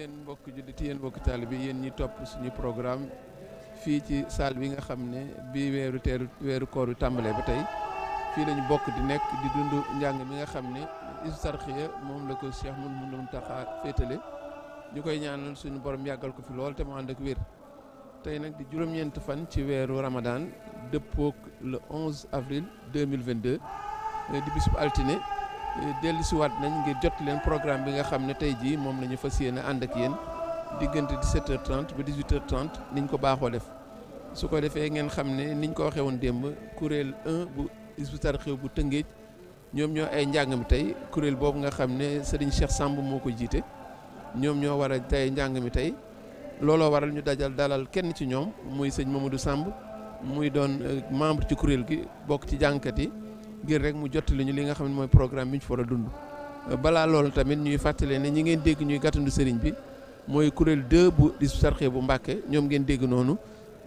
yéen mbokk julliti yéen mbokk taalibe bi yéen ñi topp suñu programme fii ci salle bi nga xam ne bi weeru teeru weeru koor yu tàmbalee ba tey fii lañu bokk di nekk di dund njàng mi nga xam ne hizbut moom la ko Cheikh Mouhamadou Mountakha féetale ñu koy ñaanal suñu borom yàggal ko fi lool te mu ànd ak wér tey nag di juróom-ñeent fan ci weeru Ramadan dëppook le 11 avril 2022 di bisub altine dellusiwaat nañ ngir jot leen programme bi nga xam ne tey jii moom la ñu fas yéene ànd ak yéen diggante 17h30 ba 18h30 niñ ko baaxoo def su ko defee ngeen xam ne niñ ko waxee woon démb kuréel 1 bu Hizbut Tarqiyyah bu Tëngéej ñoom ñoo ay njàng mi tey kuréel boobu nga xam ne Serigne Cheikh Samb moo ko jiite ñoom ñoo war a tey njàng mi tey looloo waral ñu dajal dalal kenn ci ñoom muy sëñ Mamadou Samb muy doon euh, membre ci kuréel gi bokk ci jàngkat yi. ngir rek mu jottali ñu li nga xam ne mooy programme bi ñu fa war dund balaa loolu tamit ñuy fàttali ni ñu ngeen dégg ñuy gàttandu sëriñ bi mooy kuréel 2 bu Hizbut bu Mbàkke ñoom ngeen dégg noonu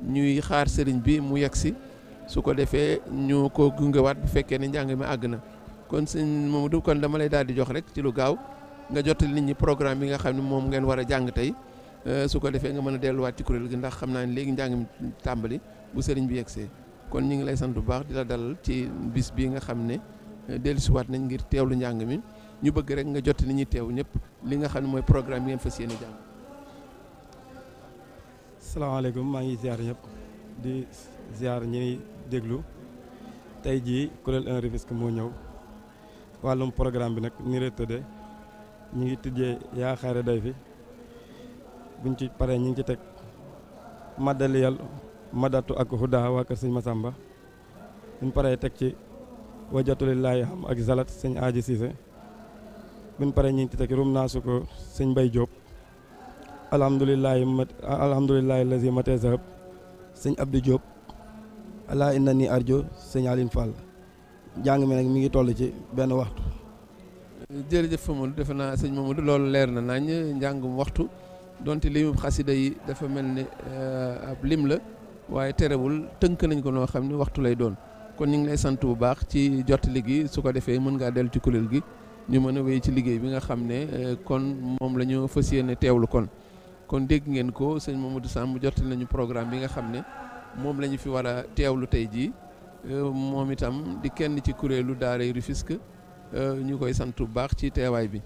ñuy xaar sëriñ bi mu yegg si su ko defee ñu ko gungewaat bu fekkee ne njàng mi àgg na kon sëñ du kon dama lay daal di jox rek ci lu gaaw nga jottali nit ñi programme bi nga xam ne moom ngeen war a jàng tey su ko defee nga mën a delluwaat ci kuréel gi ndax xam naa ne léegi njàng tàmbali bu sëriñ bi yegg see kon ñu ngi lay sant bu baax di la dalal ci bis bii nga xam ne euh, dellusiwaat nañ ngir teew lu njàng mi ñu bëgg rek nga jot ni ñuy teew ñëpp li nga xam ne mooy programme yi fas yéene jàng. salaamaaleykum maa ngi ziar ñëpp di ziar ñi déglu tey jii kuréel 1 Rufisque moo ñëw wàllum programme bi nag ni lay tëddee ñu ngi tijjee yaa xaare day fi buñ ci paree ñu ngi ci teg maddaliyal madatu ak hudaa waa kër sëñ Masamba buñ paree teg ci wajatulillaahi xam ak zalat sëñ Aaji Siise buñ paree ñu ngi ci teg rum naasu ko sëñ Mbay Jóob alhamdulillahi mat alhamdulillahi lazi matee zahab sëñ Abdou Diop ala inna ni arjo sëñ Aline Fall jàng mi nag mi ngi toll ci benn waxtu. jërëjëf Famadou defe naa sëñ Mamadou loolu leer na nañ njàngum waxtu donte limu xasida yi dafa mel ni euh, ab lim la. waaye terewul tënk nañ ko noo xam ne waxtu lay doon kon ñu ngi lay sant bu baax ci jottali gi su ko defee mën ngaa dellu ci kuréel gi ñu mën a wéy ci liggéey bi nga xam ne euh, kon moom la ñu fas yéene teewlu kon kon dégg ngeen ko sëñ Mamadou Samb jottali nañu programme bi nga xam ne moom la ñu fi war a lu tey jii euh, moom itam di kenn ci kuréelu daaray Rufisque euh, ñu koy sant bu baax ci teewaay bi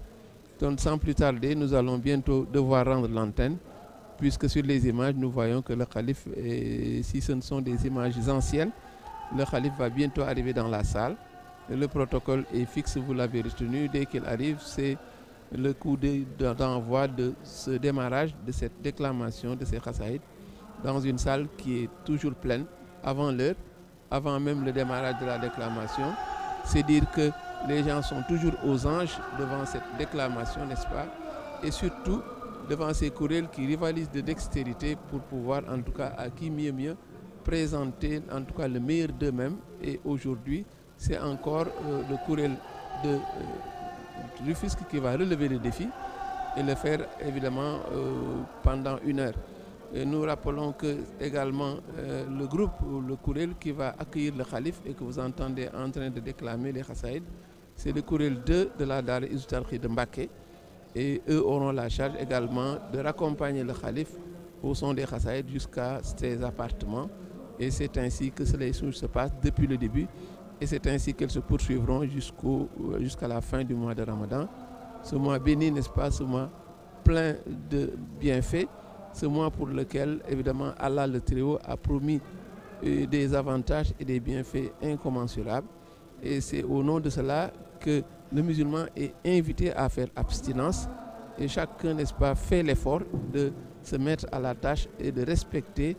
donc sans plus tarder nous allons bientôt devoir rendre l'antenne puisque sur les images, nous voyons que le calife, est, si ce ne sont des images anciennes, le calife va bientôt arriver dans la salle. Le protocole est fixe, vous l'avez retenu. Dès qu'il arrive, c'est le coup d'envoi de ce démarrage, de cette déclamation de ces Khassaïd dans une salle qui est toujours pleine avant l'heure, avant même le démarrage de la déclamation. C'est dire que les gens sont toujours aux anges devant cette déclamation, n'est-ce pas Et surtout, devant ces kuréel qui rivalisent de dextérité pour pouvoir en tout cas à qui mieux mieux présenter en tout cas le meilleur d'eux-mêmes et aujourd'hui c'est encore euh, le kuréel de euh, Rufisque qui va relever le défi et le faire évidemment euh, pendant une heure. Et nous rappelons que également euh, le groupe le kuréel qui va accueillir le calife et que vous entendez en train de déclamer les Khassaïd, c'est le kuréel 2 de la Daara Hizbut Tarqiyyah de Mbacké. et eux auront la charge également de raccompagner le calife au son des Khassaïd jusqu'à ses appartements. Et c'est ainsi que cela se passe depuis le début. Et c'est ainsi qu'elles se poursuivront jusqu'au, euh, jusqu'à la fin du mois de Ramadan. Ce mois béni, n'est-ce pas, ce mois plein de bienfaits, ce mois pour lequel, évidemment, Allah le Trio a promis euh, des avantages et des bienfaits incommensurables. Et c'est au nom de cela que le musulman est invité à faire abstinence et chacun, n'est-ce pas, fait l'effort de se mettre à la tâche et de respecter